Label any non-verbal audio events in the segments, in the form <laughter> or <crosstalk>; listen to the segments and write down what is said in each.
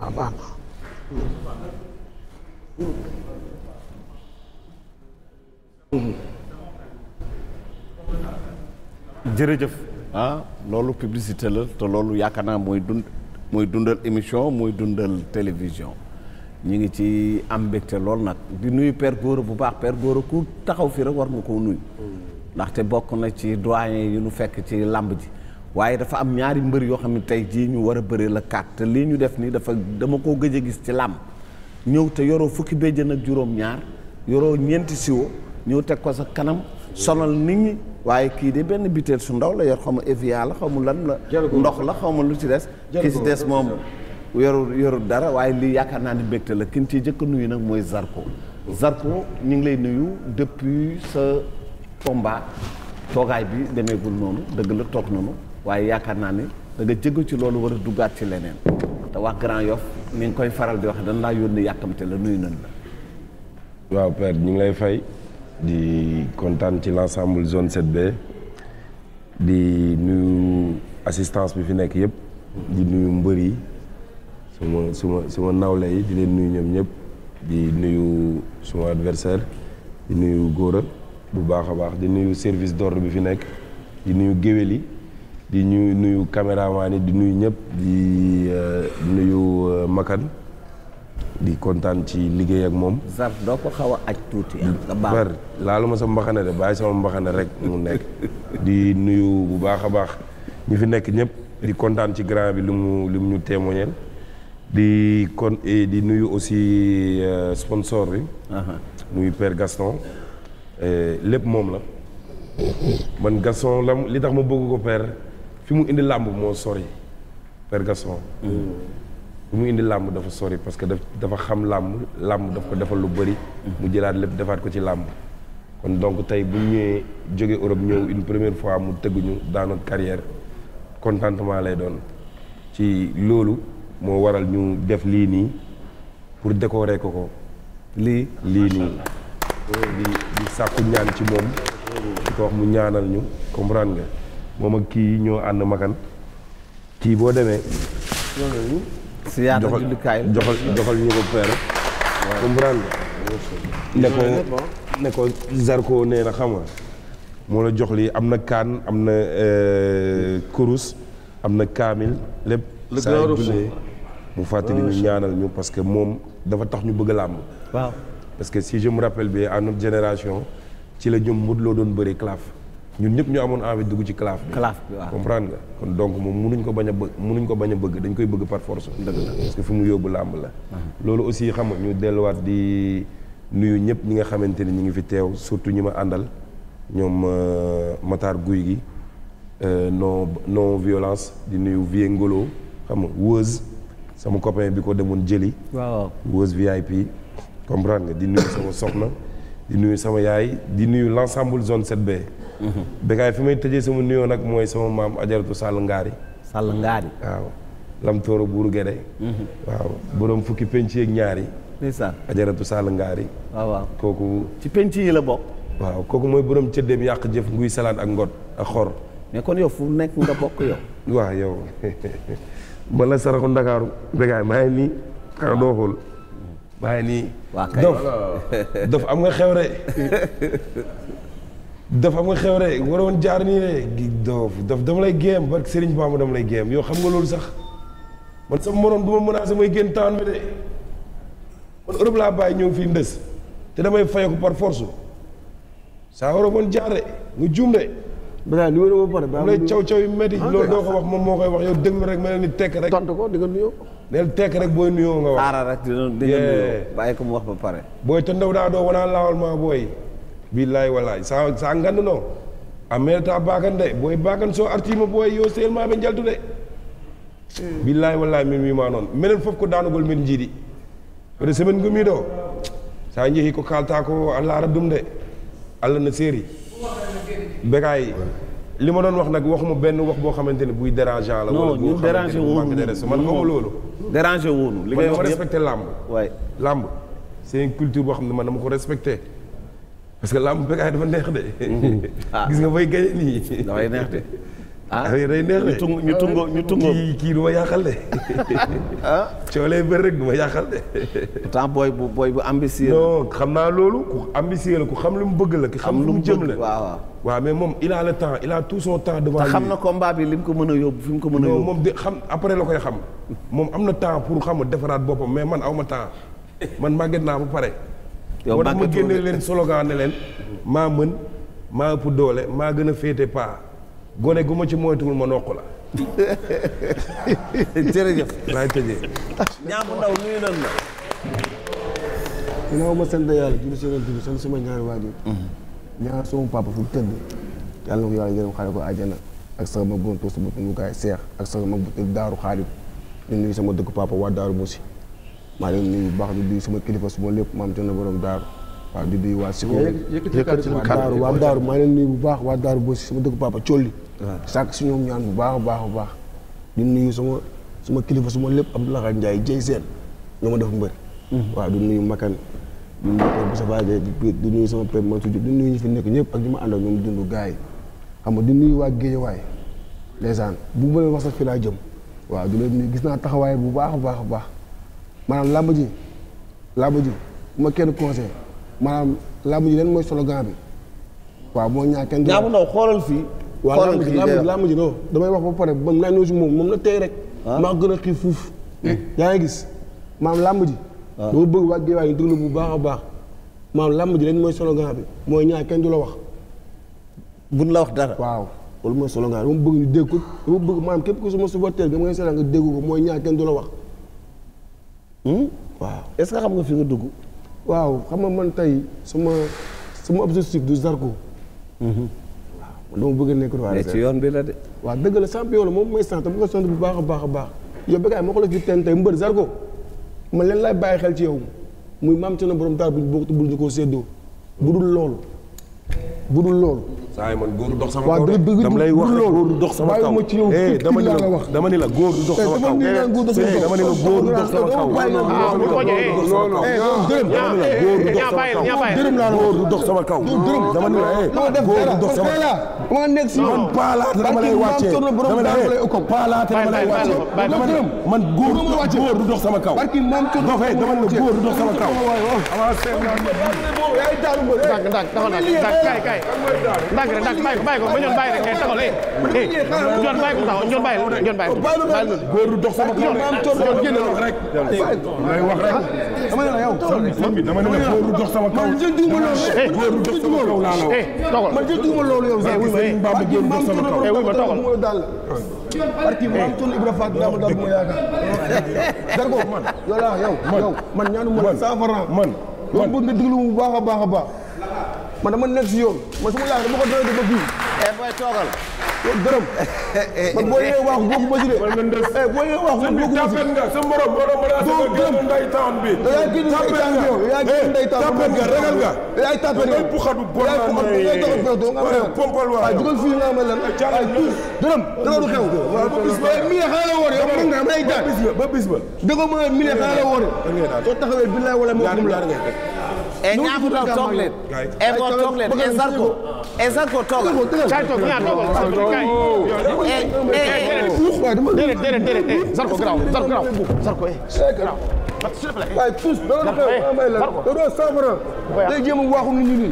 waaw baax jërëjëf ah loolu publicité la te loolu yaakaar naa mooy dund mooy dundal émission mooy dundal télévision ñu ngi ci am mbégte lool nag di nuyu Père Gora bu baax Père Gora ku taxaw fii rek war nga koo nuyu. Mm. ndaxte bokk na ci doyen yi ñu fekk ci làmb ji. waaye dafa am ñaari mbër yoo xam ne tey jii ñu war a bëri la kaat te lii ñu def nii dafa dama koo gëj a gis ci làmb ñëw te yoroo fukki béjjën ak juróom-ñaar yoroo ñeenti siwo ñëw teg ko sa kanam sonal nit ñi waaye kii de benn biteel su ndaw la yor xaw ma Evian la xaw ma lan la. ndox la xaw ma lu ci des. ki ci des moom yorul dara waaye lii yaakaar naa ni mbégte la kin ci jëkk nuyu nag mooy Zarko. Zarko ñu ngi lay nuyu dëpp depuis sa combat toogaay bi demeegul noonu dëgg la toog noonu. waaye yaakaar naa nit da nga ci loolu war a duggaat ci leneen te wax Grand Yoff mi ngi koy faral di wax dañ laa yónni yàkkamte la nuyu nañ la. waaw père ñu ngi lay fay di kontaan ci l' ensemble zone 7B di nuyu assistance bi fi nekk yëpp. di nuyu mbër yi suma suma suma nawle yi di leen nuyu ñoom ñëpp di nuyu suma adversaire di nuyu góora bu baax a baax di nuyu service d'ordre bi fi nekk di nuyu géwél yi. di ñu nuyu caméraman yi di nuyu ñëpp di euh, nuyu euh, Makan di kontaan ci liggéey ak moom. zar doo xaw a aj tuuti. Ah, bar laalu ma sa mbaxana de bàyyi sama mbaxana rek mu nekk. di nuyu bu baax a baax ñu fi nekk ñëpp di kontaan ci grand bi lu mu lu mu ñu témoigner di kon eh, di nuyu aussi euh, sponsor bi. muy Père Gaston. Eh, lépp moom la man Gaston la li tax ma bëgg ko Père. fi mu indi làmb moo sori Père Gaston fi mu indi làmb dafa sori parce que dafa xam làmb làmb daf ko defal lu bëri mu jëlaat lépp defaat ko ci làmb kon donc tey bu ñëwee jóge Europe ñëw une première fois mu tëgguñu dans notre carrière contentement lay doon ci loolu moo waral ñu def lii nii pour décorer ko ko lii lii nii di di sàkku ñaan ci moom di ko wax mu ñaanal ñu comprendre nga moom ak kii ñoo ànd makan kii boo demee. si yaata jullikaay joxal joxal ñu ko père. comprendre ne ko ne ko nee na xam nga moo la jox lii am na kaan am na euh, kurus am na kaamil lépp. saa yu mu fàttali ñu ñaanal ñu parce que moom dafa tax ñu bëgg a làmb. parce que si je me rappelle bien à notre génération ci la ñoom Modou Lo doon bëri claf. ñun ñëpp ñu amoon envie dugg ci claf bi. claf bi waaw comprendre nga. kon donc moom munuñ ko bañ a bëgg ko bañ a bëgg dañ koy bëgg par force. dëgg parce que fi mu yóbbu làmb la. loolu aussi xam nga ñu delluwaat di nuyu ñëpp ñi nga xamante ni ñu ngi fi teew surtout ñi ma àndal ñoom euh, Matar Guy gi euh, non no violence di nuyu Vieux Ngolo xam nga sama copain bi ko demoon jëli. waaw Wëz VIP. comprendre nga di nuyu sama soxna di nuyu sama yaay di nuyu l' ensemble zone 7B. Bécaye fi may tëjee sama nuyoo nag mooy sama maam ajaratu Sall Ngaari Sall Ngaari waaw lam tooro buuru gede mhm. waaw borom fukki penc yeeg ñaari ndeysaan ajaratu Ngaari kooku ci penc yi la bokk waaw kooku mooy borom cëddeem yàq jëf nguy salaat ak ngot ak xor mais kon yow fu nekk nga bokk yow waaw <laughs> la saraxu ndakaaru Bécaye maa ngi nii xanaa doo xool maa nii <laughs> dof am nga xew re <laughs> daf am nga xew rek waroon jaar nii rek doof daf dama lay géem barke Serigne Bamba dama lay géem yow xam nga loolu sax man sama moroom du ma menacé mooy génn taan bi de man Europe laa bàyyi ñëw fii ndës te damay fayeku par force saa woon jaar de nga juum de. Badaye nuyoo na ba caw caw yu métti ah, loolu doo wax moom moo koy wax yow déglu rek mel ni tekk rek. tontu ko di nga tekk rek booy nuyoo nga wax. aara rek dina nuyoo bàyyi ko mu wax ba pare. booy te ndaw daa doo wanaa laawal maa booy. billaay walaay sa sa ngannunoo a meerata bakan de boy bakan so artima boy yo sehelma ɓe jaltude hmm. billahi wallahi min wima noon minen fof ko danugol min jiiɗi ɓeɗo ko kalta ko allah ara dum de li ma doon wax nag waxuma benn wax boo xamante ne buy dérangeant la wala boo xamante ne manque de respect man xawma loolu déranger wuunu li ngay wax respecté làmb làmb c'est culture boo xam ne man dama ko respecté parce que làmb Bécaye dafa neex de. <laughs> Ah. gis nga bay gañe nii. dafay neex de. <laughs> ah, ah. neex de ñu tungo ah. ñu tungo kii kii du ma yàqal de. <laughs> ah coolee bëri rek du yàqal de. pourtant booy bu booy bu ambitieux. non xam naa loolu ku ambitieux la ku xam lu mu bëgg la. ki xam lu mu jëm la waaw waaw. waaw mais moom il a le temps il a tout son temps devant lui. te na combat bi li mu ko mën a yóbbu fi mu ko mën a yóbbu. moom de xam après la koy xam. moom am na temps pour xam defaraat boppam mais man aw ma temps man màgget naa ba pare. yow ma génne leen slogan ne leen maa mën maa ëpp doole maa gën a féete paa gone gu ma ci moytuwul ma noq la <laughs> jërëjëf laay tëjee ñaamu ndaw nuyu nan la ginnaaw ma sant yàlla julli si yonent bi sama ñaari waajur ñaar sama papa fu tëdd yàlla na ko yàlla yërëm xaare ko àjjana ak sama mag bu doon toog sama seex ak sama mag bu tëdd daaru xaadim di sama dëkk papa waa daaru Moussi maa leen nuyu bu baax di nuyu sama kilifa suma lépp maam Thierno borom daaru waaw di nuyu waa Sikko waa daaru waa daaru maa leen nuyu bu baax waa daaru boo si sama dëkk papa Colli sàkk si ñoom bu baax a baax a baax di nuyu sama sama kilifa suma lépp Abdoulaye Ndiaye jay seen ñoo ma def mbër hmm. waaw di nuyu Makan di nuyu Père Moussa Badji di nuyu sama Père Mansour fi nekk ñëpp ak ñu ma àndal ñoom dund gars yi xam nga di nuyu waa Guédiawaye ndeysaan bu ma leen wax sax fi laa jëm waaw di leen nuyu gis naa taxawaay bu baax a baax a baax maanaam làmb ji làmb ji ma kenn conseil maanaam làmb ji leen mooy slogan bi waaw moo ñaa kenn. ñaamu ndaw xoolal fii. xoolal fii waaw làmb ji non damay wax ba pare man naa ñëw si moom moom la tey rek. Ah. maa gën a xiif hmm. yaa ngi gis maanaam làmb ji. waaw ah. dama bëgg waa Géewaay ñu bu baax a baax maanaam làmb ji leen mooy slogan bi mooy ñaa kenn du la wax. buñ la wax dara waaw. loolu mooy solo bi bëgg dégg ko dama bëgg maanaam képp ku suma supporter bi ma ngi seetaan mooy ñaa kenn du la wax. Hmm? waaw est-ce que xam nga fi nga dugg. waaw xam nga man tey suma suma objectif du Zarko. Hmm. waaw dama bëgg a nekk roi des arènes ci yoon bi la de. waaw dëgg la champion la moom mooy sant mu ko sant bu baax a baax a baax yow bi kaay ma ko la fi teen tey mbër Zarko man leen laay bàyyi xel ci yow muy maam ci na borom taal bu ñu bokk te bu ñu ko séddoo. bu dul loolu bu dul loolu. saa yi man góor dox sama kaw dama lay wax góor dox sama kaw dama ni la dama ni la góor dox sama kaw dama ni la góor dox sama kaw góor dox sama kaw dama ni la góor dox ne paalaate dama lay wàccee dama ne man góor sama kaw dofee dama ne góor du dox sama kaw avance ndànk ndànk ndànk rek ndànk bàyyi ko bàyyi ko ba ñoon bàyyi rek ngay taxaw eh ñoon bàyyi ko taxaw ñoon bàyyi ñoon bàyyi ko góor du dox sama kaw ñoon génn wax rek lay wax rek dama ne la yow dama ne la góor du dox sama kaw man jël duuma loolu góor du dox sama kaw laa la eh toogal man jël duuma loolu yow sax wuy ma góor du dox sama kaw eh wuy ma toogal parti maam toll Ibra Faat dama dal mo yaakaar dargo yow la yow man ñaanu mo 100 francs man man bëgg nga déglu bu baax a baax a baax man dama man sama yaay dama ko doyoo ba a eh booy toogal. dërëm. <laughs> man boo yee waaxu boo ko mësiree. man man de eh boo yee waaxu boo ko mësiree. nga sa morom morom mën a. doo gën nday taan bi. yaa ngi nday taan bi yow yaa ngi nday taan bi. Eh, nga ragal nga. yaa ngi tàppale yow. puxatu bon yaa ngi nga ma mi ne e ñaata ko toog leen e ngor toog leen e Zarko e Zarko toogal. Zarko garaaw Zarko garaaw Zarko eh garaaw. waaye tous doo doon fay maa may la doo saafara. day jéem a waaxu nit ñi.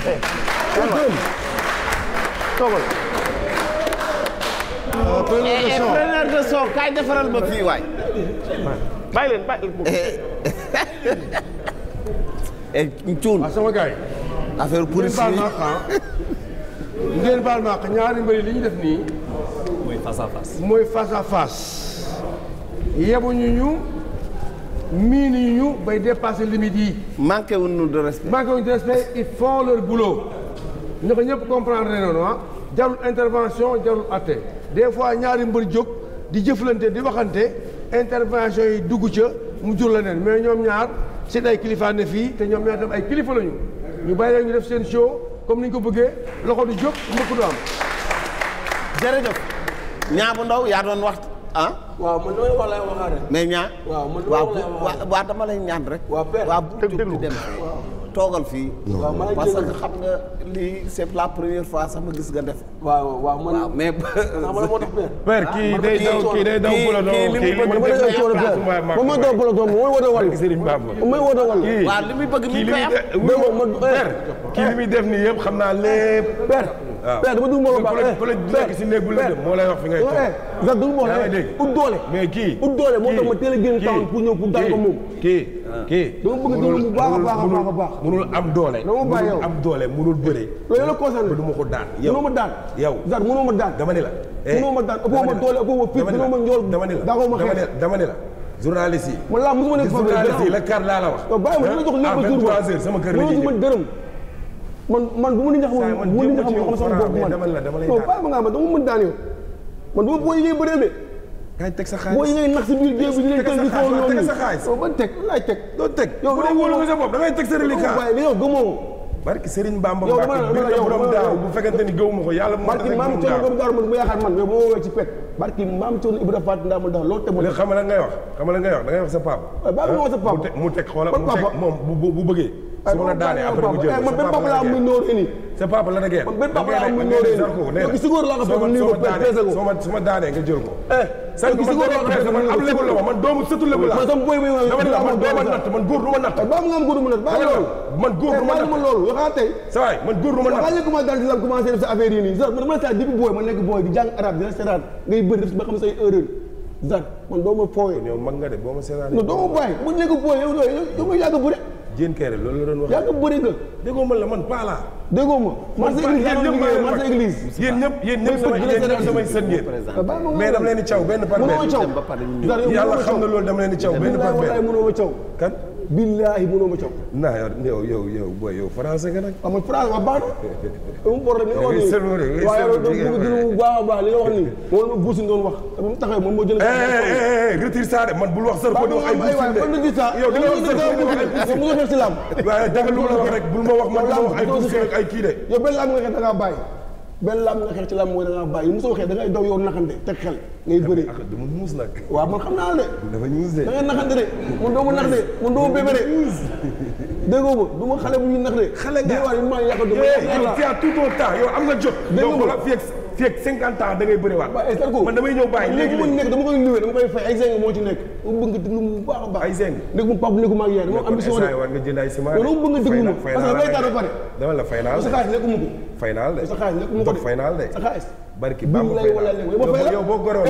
toogal. première question première question kaay defaral ma fii waay. bàyyi leen bàyyi leen Eh, Thioune. waaw ah, sama gars yi. affaire police yi ah. ngeen baal ma àq ñaari mbëri li ñu def nii. mooy face à face. mooy face à face. ñu miin ñu bay dépasser limite yi. manqué wuñ ñu de respect. manqué wuñ de respect ils font leur boulot. ñu ko ñëpp comprendre ne noonu ah jarul intervention jarul atte des fois ñaari mbër jóg di jëflante di waxante intervention yi dugg ca mu jur leneen mais ñoom ñaar. seen ay kilifa fii te ñoom ñoo tam ay kilifa lañu ñu bàyyi leen def seen show comme niñ ko bëggee loxo du jóg mbokk du am. jërëjëf ñaa bu ndaw yaa doon wax ah. waaw man mais ñaa. waaw man dama lay ñaan rek. waaw père waaw bu toogal fii. parce que xam nga lii c' est la première fois sax ma gis nga def. waaw waaw man mais. <laughs> père <laughs> ah, kii day daw kii day daw bolo kii li mu bëgg a coono père moom mooy daw bolo doon mooy woote wàllu. mooy woote wàllu. waaw li muy bëgg mi ngi père kii li muy def nii yëpp xam naa lépp. père ah. père dama dugg mbooloo baax. père père si néeg bu la dem moo lay wax fi ngay toog. Eh, eh, yaa ngi eh. dégg ut doole. mais kii ut doole moo tax ma teel a génn taw pour ñëw pour dal ko moom kii Ah. kii dama bëgg doole bu baax a baax a baax munul am am doole munul bëre la concerné du ma ko daan yow munoo ma daan daan dama ni eh, la munoo ma la dagoo ma la kar laa la wax bàyyi ma dina daan yow man du ma booy yi ngay kaay teg sa xaalis mooy ngay nax si biir géej bi di leen teg sa xaalis ban teg bu dee wóolu sa bopp da teg barki Serigne Bamba Mbacke bi nga borom daaw bu fekkente ni gëwuma ko yàlla moo tax rek borom daaw barki maam Thierno Ibrahima mu yaakaar man yow moo woowee ci pet ngay wax xam wax sa papa ba nga wax mu teg xoolal mu teg moom bu bëggee su ma la daanee après mu jël eh, man benn papa laa muy nooree nii. sa papa la da ngeen. man benn papa laa muy nooree nii donc si góor laa ko fekk nii ko peese ko. su ma daanee nga jël ko. donc si góor laa ko fekk man ab lëbu la man doomu sëtu lëbu laa. man sama booy bi ma la man doomu natt man góor du ma natt. ba mu nga am góor du ma natt ba loolu. man góor du eh, ma natt ma loolu waxaa tey. sa waay man góor du ma natt. waxaa léegi ma daal di la commencé def sa affaire yi nii zar man dama la depuis booy ma nekk booy di jàng arabe dina seetaan ngay bëri def ba xam say erreur zar man doo ma fooyee. yow mag nga de boo ma seetaan. non doo ma bàyyi bu nekk booy yow yow yow ma yàgg bu rek jéen kere loolu la doon wax. yàgg bëri nga. déggoo ma la man pas là. déggoo ma man sa église yéen ñëpp man sa église. yéen ñëpp yéen ñëpp samay yéen ñëpp samay sën ngeen. mais dama leen di caw benn par benn. mënoo ma na loolu dama leen di caw benn par benn. billaahi mënoo ma coow. non yow yow yow booy yow français nga nag. amul français ma baax na. amul problème waaye yow bu a baax li nga wax nii. moom la Boussine doon wax te bu taxawee moom moo jël. retire ça de man bul wax sër. di wax ay Boussine de yow dina wax sër foofu wax ay Boussine. ma la bul ma wax man dama wax ay kii de. yow benn laa nga da ngaa bàyyi benn laam nga xeex ci laam mooy da ngaa bàyyi mosoo xeex da ngay daw yow naxante teg xel ngay bëri dama muus nag waaw man xam naa la de dafa da ngay naxante de man doo ma nax de man doo ma bébé de xale bu ñuy nax de xale nga waaye maa yàq du ma yàq tout ton temps yow am nga jot dégg nga fii ak cinquante ans da ngay bëriwaat. man damay ñëw bàyyi léegi léegi mu nekk dama koy luwee dama koy fay ay zinc nekk. mu bu baax a baax. ay zinc nekk mu nekk mu ak yaay dama am. ambition de war nga jënd ay ciment wala bëgg nga ba pare. dama la fay naal de barki baa ma fay naal yow boo goroon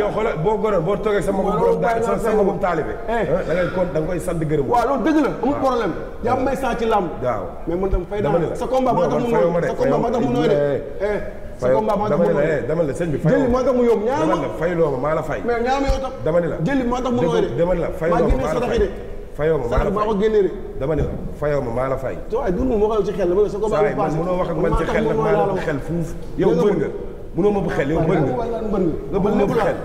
yow xoolal boo boo toogee sama bopp sama bopp taalibe eh. Eh. da ngay kon da nga koy sant gërëm dëgg la amul problème yaa may saa ci làmb waaw mais man fay naal sa combat ba mu nooy sa dama eh, la sëñ bi fay jëli moo tax mu yóbbu ñaar ma fay loo ma maa la fay mais ñaar ma yow tax dama ni la jëli moo tax mu nooy de dama ni la fay loo ma maa la fay de fayoo ma maa la fay ko génnee de dama ni la fayoo ma maa la fay waaye dund moom waxal ci xel la sa ko bàyyi paase mënoo wax ak man ci xel nag maa la xel fuuf yow bër nga mënoo ma bu xel yow mbër nga bëgg ma bu xel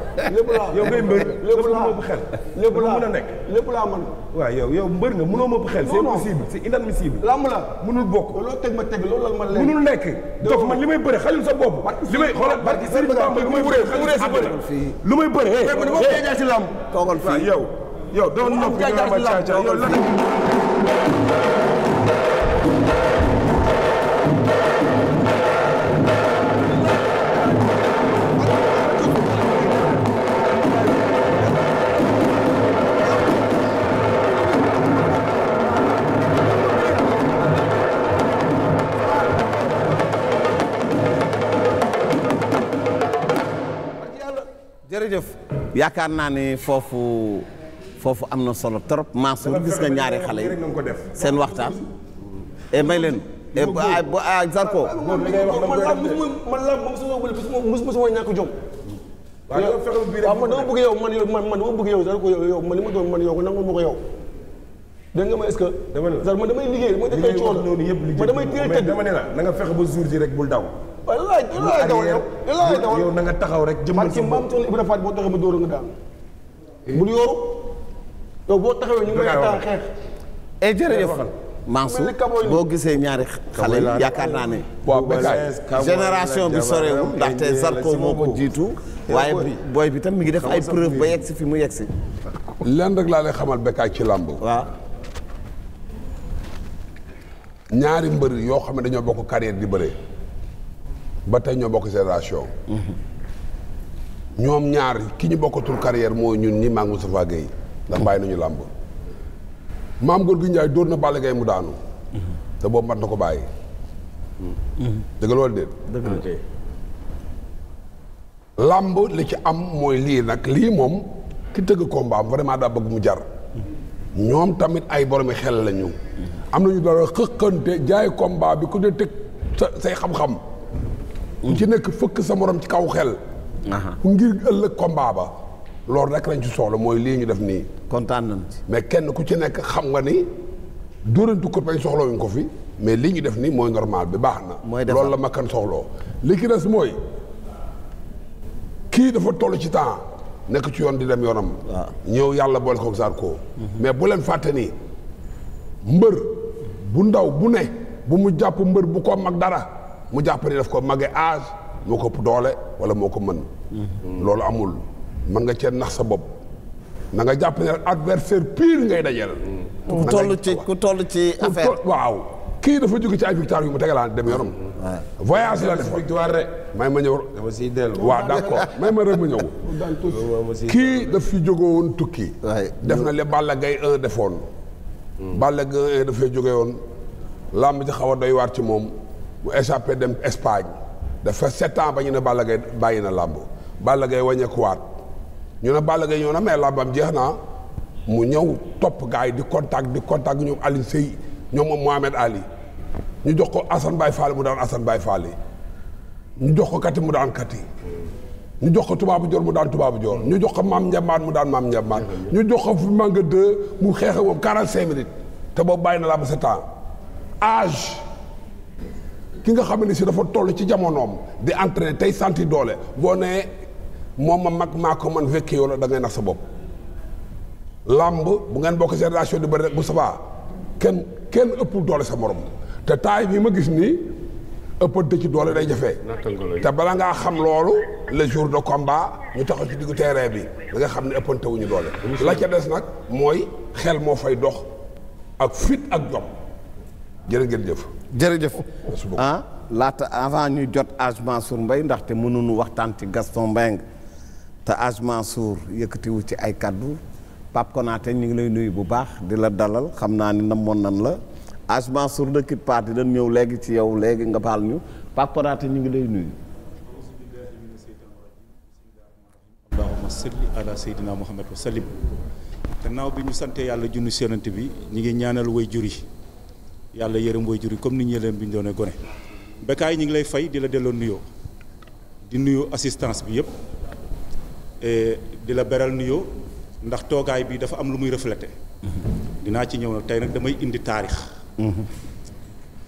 yow ngay mbër lépp laa bu xel lépp laa mën a nekk lépp laa mën waaw yow yow mbër nga mënoo ma bu xel c'est impossible c'est inadmissible lamb la mënul bokk loolu teg ma teg loolu ma leen mënul nekk dof man li may bëre xajul sa bopp li may xoolal barki Serigne Bamba li may bëre xajul sa bopp lu may bëre hé hé toogal fii yow yow doo noppi yow la jërëjëf yaakaar naa ne foofu foofu am na solo trop Mansour gis nga ñaari xale yi seen waxtaan e may leen eh, ah, ah Zarko. man làmb man làmb mosuma mosuma ñàkk jom. waaw man dama bëgg yow man yow man dama bëgg yow Zarko yow man li ma doon man yow nangu ma ko yow. dégg nga ma est-ce que. dama ne la Zarko man damay liggéey damay def ay coono. liggéey wax noonu yëpp liggéey man damay teel a tëdd. mais dama ne la na nga fexe ba jour ji rek bul daw. waaye lu laay na nga taxaw rek jëmmal sa bopp ci moom Ibra Faat boo taxaw ma dóor nga daal eh? bul yooru yow boo taxawee ñu eh, boo gisee ñaari xale yaakaar naa ne génération bi sorewul ndaxte Zarko moo ko jiitu eh, waaye booy bi tam mi ngi def ay preuve ba yegg si fi mu yegg si lenn rek laa lay xamal Bécaye ci làmb waaw ñaari mbër yoo xam ne dañoo bokk carrière di bëree ba tey ñoo bokk génération. ñoom ñaar ki ñu bokkatul carrière mooy ñun nii maak Moustapha Gueye ndax bàyyi nañu làmb maam góor gi Njaay dóor na Balla Gaye mu daanu te boobu mat na ko bàyyi dëgg loolu déet làmb li ci am mooy lii nag lii moom ki tëgg combat am vraiment daa bëgg mu jar ñoom tamit ay boromi xel lañu am nañu dara xëqante jaay komba bi ku dee tëgg sa say xam-xam ku ci nekk fëkk sa morom ci kaw xel fu ngir ëllëg combat ba loolu rek lañ ci soxla mooy lii ñu def nii kontaan mais kenn ku ci nekk xam nga ni ko kurpañ soxla wuñ ko fi mais lii ñu def nii mooy normal bi baax na loolu la makkan soxloo li ki des mooy kii dafa toll ci temps nekk ci yoon di dem yoonam ñëw yàlla boole ko Zarko mhm. mais bu leen fàtte nii mbër bu ndaw bu ne bu mu jàpp mbër bu ko mag dara mu jàpp daf ko mage âge moo ko doole wala moo ko mën loolu amul mën nga cee nax sa bopp na nga jàpp ne adversaire pire ngay dajeel ku toll ci ku toll ci affaire waaw kii dafa jóge ci ay victoire yu mu tegalaan dem yoonam voyage la def victoire rek may ma ñëw waaw d'accord may ma rek ma ñëw kii daf fi jóge woon tukki def na li Balla Gaye 1 defoon mm. Balla Gaye 1 dafay jóge woon làmb ji xaw a doy waar ci moom bu échappé dem Espagne dafa sept ans ba ñu ne Balla Gaye bàyyi na làmb gay Gaye wàññeekuwaat ñu ne Balla Gaye ñoo na mais làmbam jeex na mu ñëw topp gars yi di contact di contact ñoom Alioune Seye ñoom Mohamed Ali ñu jox ko Assane baay Fall mu daan Assane Baye Fall ñu jox ko Kati mu daan Kati ñu jox ko tubaabu joor mu daan tubaabu joor ñu jox ko maam njambaan mu daan maam njambaan ñu jox ko fu manga deux mu xeex ak moom quarante cinq minutes te boobu bàyyi na làmb sept ans ki nga xam si dafa toll ci jamonoom di entraîné tey santi doole boo nee moom ma mag maa ko man wekki yow la da nax sa bopp. làmb bu ngeen bokk génération di bëri rek bu sabaa kenn kenn ëppul doole sa morom te taay bi ma gis nii ëppante ci doole day jafe. te bala ngaa xam loolu le jour de combat ñu taxaw ci diggu terrain bi da nga xam ne ëppante wuñu doole. la ca des nag mooy xel moo fay dox ak fit ak jom jërë ngeen jëf. jërëjëf ah laata avant ñu jot Hadj Mansour Mbaye ndaxte mënuñu waxtaan ci Gaston Mbengue te Hadj Mansour yëkkatiwu ci ay kàddu Pape Konaté ñu ngi lay nuyu bu baax di la dalal xam naa ni namoon nan la Hadj Mansour ne quitte di dañ ñëw léegi ci yow léegi nga baal ñu Pape Konaté ñu ngi lay nuyu allahumma salli ala sayyidina muhammad wa te naaw bi ñu santee yàlla junni séenante bi ñu ngi ñaanal way jur yi yàlla yërëm way juri comme ni ñu leen bi ñu doone gone yi ñu ngi lay fay di la delloo nuyoo di nuyu assistance bi yëpp e, di la beral nuyoo ndax toogaay bi dafa am lu muy reflété ci ñëw tey nag damay indi taarix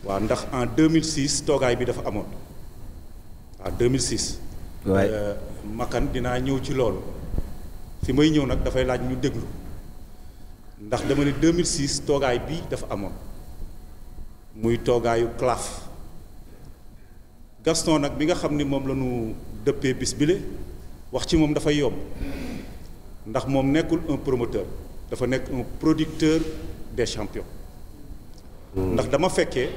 waaw ndax en 2006 toogaay bi dafa amoon waaw 2006 waay makan dinaa ñëw ci loolu si may ñëw nag dafay laaj ñu déglu ndax dama ne 2006 toogaay bi dafa amoon muy toogaayu CLAF Gaston nag bi nga xam ni moom la ñu dëppee bis bile wax ci moom dafay yomb ndax moom nekkul un promoteur dafa nekk un producteur des champions. Hmm. ndax dama fekke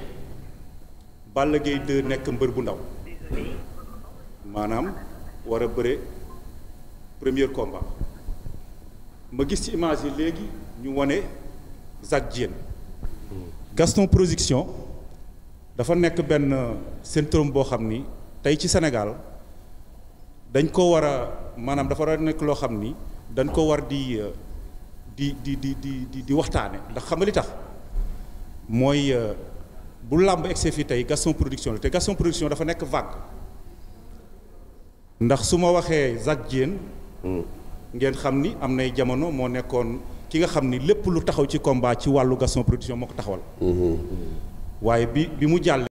Balla Gaye 2 nekk mbër bu ndaw maanaam war a bëre premier combat ma gis ci image yi léegi ñu wane Zac Dieng. Gaston Production dafa nekk benn syndrome boo xam ni tey ci Sénégal dañ ko war a maanaam dafa war a nekk loo xam ni dañ ko war di euh, di di di di di waxtaane ndax xam nga li tax mooy euh, bu làmb egsee fii tey Gaston Production la te Gaston Production dafa nekk vague ndax su ma waxee Zac Dieng mm. ngeen xam ni am nay jamono moo nekkoon ki nga xam ni lépp lu taxaw ci combat ci wàllu Gaston Production moo ko taxawal. Mm-hmm. waaye bi bi mu jàll